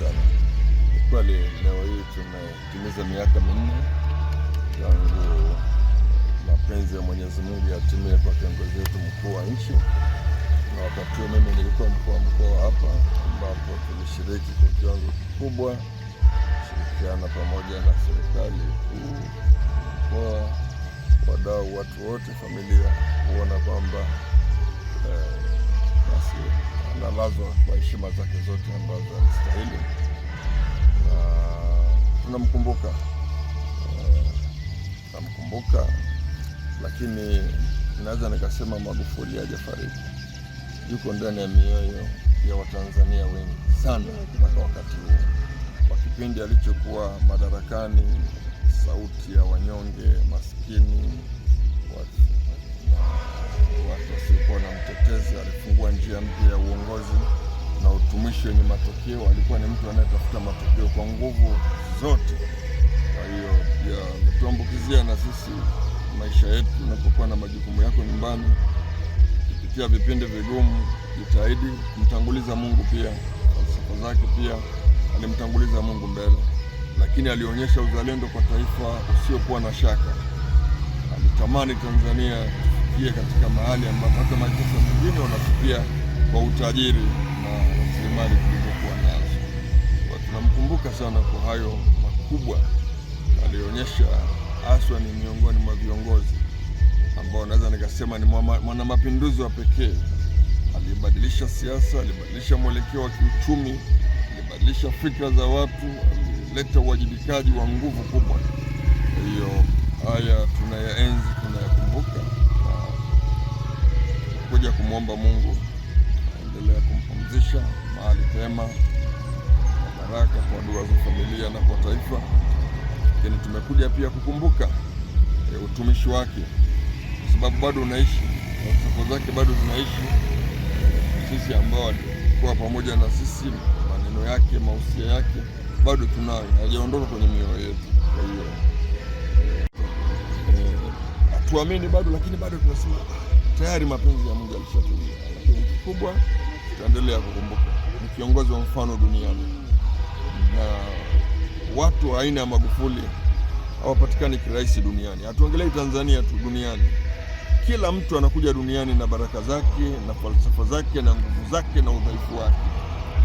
sana. Kweli leo hii tumetimiza miaka minne tangu mapenzi ya Mwenyezi Mungu yatimie kwa kiongozi wetu mkuu wa nchi, na wakati mimi nilikuwa mkuu wa mkoa hapa, ambapo tulishiriki kwa kiwango kikubwa kushirikiana pamoja na serikali kuu, mkoa, wadau, watu wote, familia, kuona kwamba eh, basi analazwa kwa heshima zake zote ambazo anastahili, na tunamkumbuka tunamkumbuka, eh, lakini naweza nikasema Magufuli hajafariki, yuko ndani ya mioyo ya Watanzania wengi sana mpaka wakati huu. Kwa kipindi alichokuwa madarakani, sauti ya wanyonge, maskini mwisho wenye matokeo, alikuwa ni mtu anayetafuta matokeo kwa nguvu zote. Kwa hiyo yametuambukizia na sisi maisha yetu. Unapokuwa na majukumu yako nyumbani, kupitia vipindi vigumu, jitahidi kumtanguliza Mungu. Pia falsafa zake pia alimtanguliza Mungu mbele, lakini alionyesha uzalendo kwa taifa usiokuwa na shaka. Alitamani Tanzania tufikie katika mahali ambapo hata mataifa mengine wanafikia kwa utajiri na rasilimali tulizokuwa nazo. Tunamkumbuka sana kwa hayo makubwa aliyoonyesha. Aswa ni miongoni mwa viongozi ambao naweza nikasema ni mwanamapinduzi wa pekee. Alibadilisha siasa, alibadilisha mwelekeo wa kiuchumi, alibadilisha fikra za watu, alileta uwajibikaji wa nguvu kubwa. Kwa hiyo haya tunayaenzi, tunayakumbuka na kuja kumwomba Mungu tunaendelea kumpumzisha mahali pema na baraka kwa dua za familia na kwa taifa, lakini tumekuja pia kukumbuka e, utumishi wake, kwa sababu bado unaishi na sifa zake bado zinaishi e, sisi ambao alikuwa pamoja na sisi, maneno yake, mausia yake bado tunayo, hajaondoka kwenye mioyo yetu. Kwa hiyo e, e hatuamini bado, lakini bado tunasema ah, tayari mapenzi ya Mungu yalishatimia, lakini kikubwa tutaendelea kukumbuka ni kiongozi wa mfano duniani, na watu wa aina ya Magufuli hawapatikani kirahisi duniani. Hatuongelei Tanzania tu, duniani. Kila mtu anakuja duniani na baraka zake na falsafa zake na nguvu zake na udhaifu wake,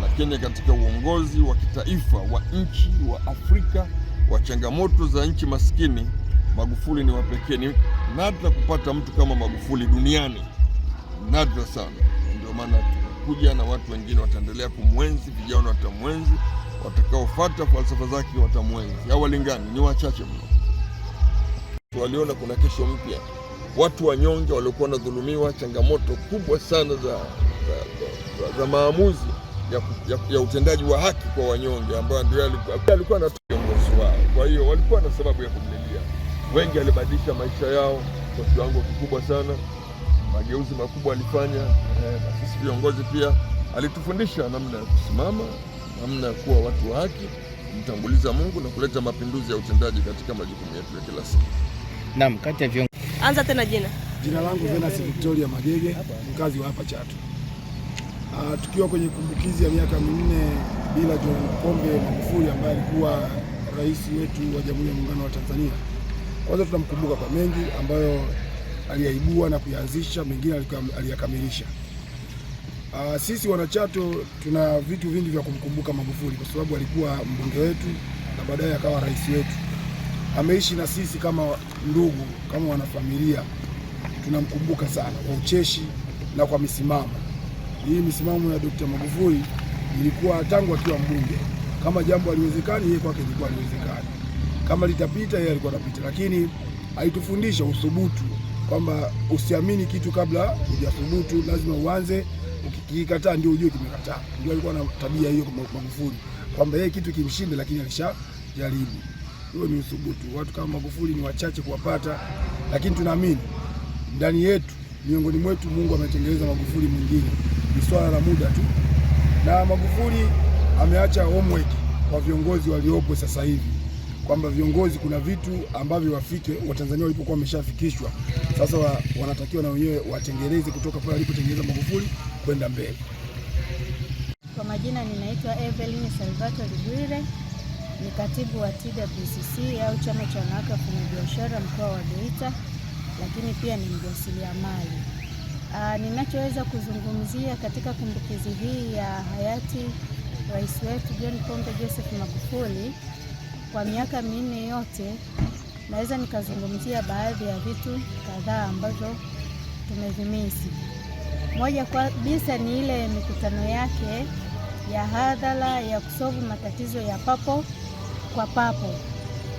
lakini katika uongozi wa kitaifa wa nchi wa Afrika wa changamoto za nchi maskini Magufuli ni wapekee, ni nadra kupata mtu kama Magufuli duniani, nadra sana. Ndio maana tunakuja na watu wengine wataendelea kumwenzi, vijana watamwenzi, watakaofuata falsafa zake watamwenzi, au walingani, ni wachache mno. Waliona kuna kesho mpya, watu wanyonge waliokuwa wanadhulumiwa, changamoto kubwa sana za, za, za, za, za maamuzi ya, ya, ya utendaji wa haki kwa wanyonge, ambayo ndio alikuwa anatoa kiongozi wao. Kwa hiyo walikuwa na sababu ya kumlilia. Wengi alibadilisha maisha yao kwa kiwango kikubwa sana, mageuzi makubwa alifanya. Eh, na sisi viongozi pia alitufundisha namna ya kusimama, namna ya kuwa watu wa haki, kumtanguliza Mungu na kuleta mapinduzi ya utendaji katika majukumu yetu ya kila siku. Naam, kati ya viongozi. Anza tena jina. Jina langu Venasi Victoria Magege, mkazi wa hapa Chato. Uh, tukiwa kwenye kumbukizi ya miaka minne bila John Pombe Magufuli ambaye alikuwa rais wetu wa Jamhuri ya Muungano wa Tanzania kwanza tunamkumbuka kwa mengi ambayo aliyaibua na kuyaanzisha, mengine aliyakamilisha. Uh, sisi wanachato tuna vitu vingi vya kumkumbuka Magufuli kwa sababu alikuwa mbunge wetu na baadaye akawa rais wetu. Ameishi na sisi kama ndugu, kama wanafamilia. Tunamkumbuka sana kwa ucheshi na kwa misimamo. Hii misimamo ya Dr. Magufuli ilikuwa tangu akiwa mbunge, kama jambo aliwezekani yeye kwake ilikuwa aliwezekani kama litapita yeye alikuwa anapita, lakini alitufundisha uthubutu, kwamba usiamini kitu kabla hujathubutu, lazima uanze. Ukikikataa ndio ujue kimekataa. Ndio alikuwa na tabia hiyo Magufuli, kwamba yeye kitu kimshinde, lakini alisha jaribu Hiyo ni uthubutu. Watu kama Magufuli ni wachache kuwapata, lakini tunaamini ndani yetu, miongoni mwetu, Mungu ametengeneza Magufuli mwingine. Ni swala la muda tu, na Magufuli ameacha homework kwa viongozi waliopo sasa hivi kwamba viongozi kuna vitu ambavyo wafike Watanzania walipokuwa wameshafikishwa sasa wa, wanatakiwa na wenyewe watengeleze kutoka pale walipotengeleza Magufuli kwenda mbele. Kwa majina ninaitwa Evelyn Salvator Bwire, ni katibu wa TWCC au chama cha wanawake wafanyabiashara mkoa wa Geita, lakini pia ni mjasiriamali. Ah, ninachoweza kuzungumzia katika kumbukizi hii ya hayati rais wetu John Pombe Joseph Magufuli kwa miaka minne yote, naweza nikazungumzia baadhi ya vitu kadhaa ambavyo tumevimisi. Moja kabisa ni ile mikutano yake ya hadhara ya kusovu matatizo ya papo kwa papo.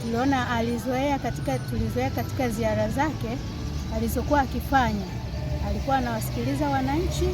Tuliona alizoea katika, tulizoea katika ziara zake alizokuwa akifanya, alikuwa anawasikiliza wananchi